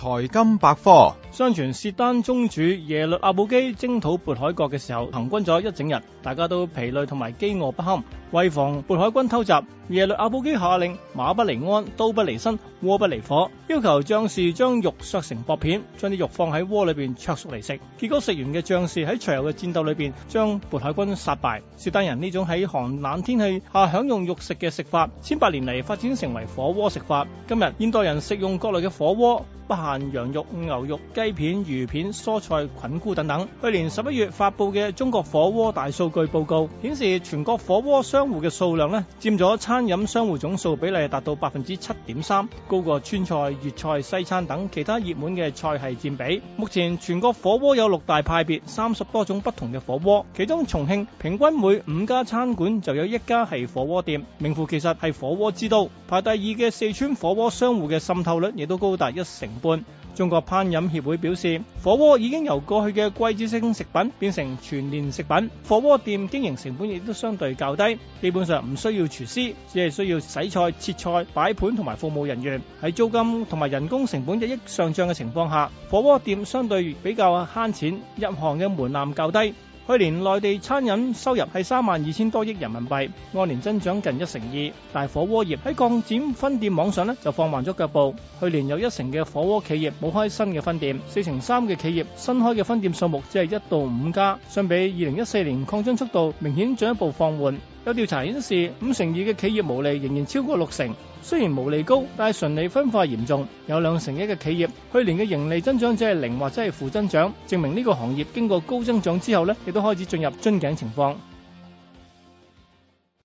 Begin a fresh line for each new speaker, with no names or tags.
財金百科。相傳契丹宗主耶律阿保機征討渤海國嘅時候，行軍咗一整日，大家都疲累同埋飢餓不堪。為防渤海軍偷襲，耶律阿保機下令馬不離鞍，刀不離身，鍋不離火，要求將士將肉削成薄片，將啲肉放喺鍋裏邊灼熟嚟食。結果食完嘅將士喺隨後嘅戰鬥裏邊，將渤海軍殺敗。契丹人呢種喺寒冷天氣下享用肉食嘅食法，千百年嚟發展成為火鍋食法。今日現代人食用各類嘅火鍋，不限羊肉、牛肉、雞。雞片、魚片、蔬菜、菌菇等等。去年十一月發佈嘅《中國火鍋大數據報告》顯示，全國火鍋商戶嘅數量咧，占咗餐飲商戶總數比例達到百分之七點三，高過川菜、粵菜、西餐等其他熱門嘅菜系佔比。目前全國火鍋有六大派別，三十多種不同嘅火鍋。其中重慶平均每五家餐館就有一家係火鍋店，名副其實係火鍋之都。排第二嘅四川火鍋商戶嘅滲透率亦都高達一成半。中國烹飪協會表示，火鍋已經由過去嘅季節性食品變成全年食品，火鍋店經營成本亦都相對較低，基本上唔需要廚師，只係需要洗菜、切菜、擺盤同埋服務人員。喺租金同埋人工成本日益上漲嘅情況下，火鍋店相對比較慳錢，入行嘅門檻較低。去年內地餐飲收入係三萬二千多億人民幣，按年增長近一成二。但係火鍋業喺擴展分店網上呢就放慢咗腳步。去年有一成嘅火鍋企業冇開新嘅分店，四成三嘅企業新開嘅分店數目只係一到五家，相比二零一四年擴張速度明顯進一步放緩。有調查顯示，五成二嘅企業毛利仍然超過六成，雖然毛利高，但係純利分化嚴重，有兩成一嘅企業去年嘅盈利增長只係零或者係負增長，證明呢個行業經過高增長之後咧，亦都開始進入樽頸情況。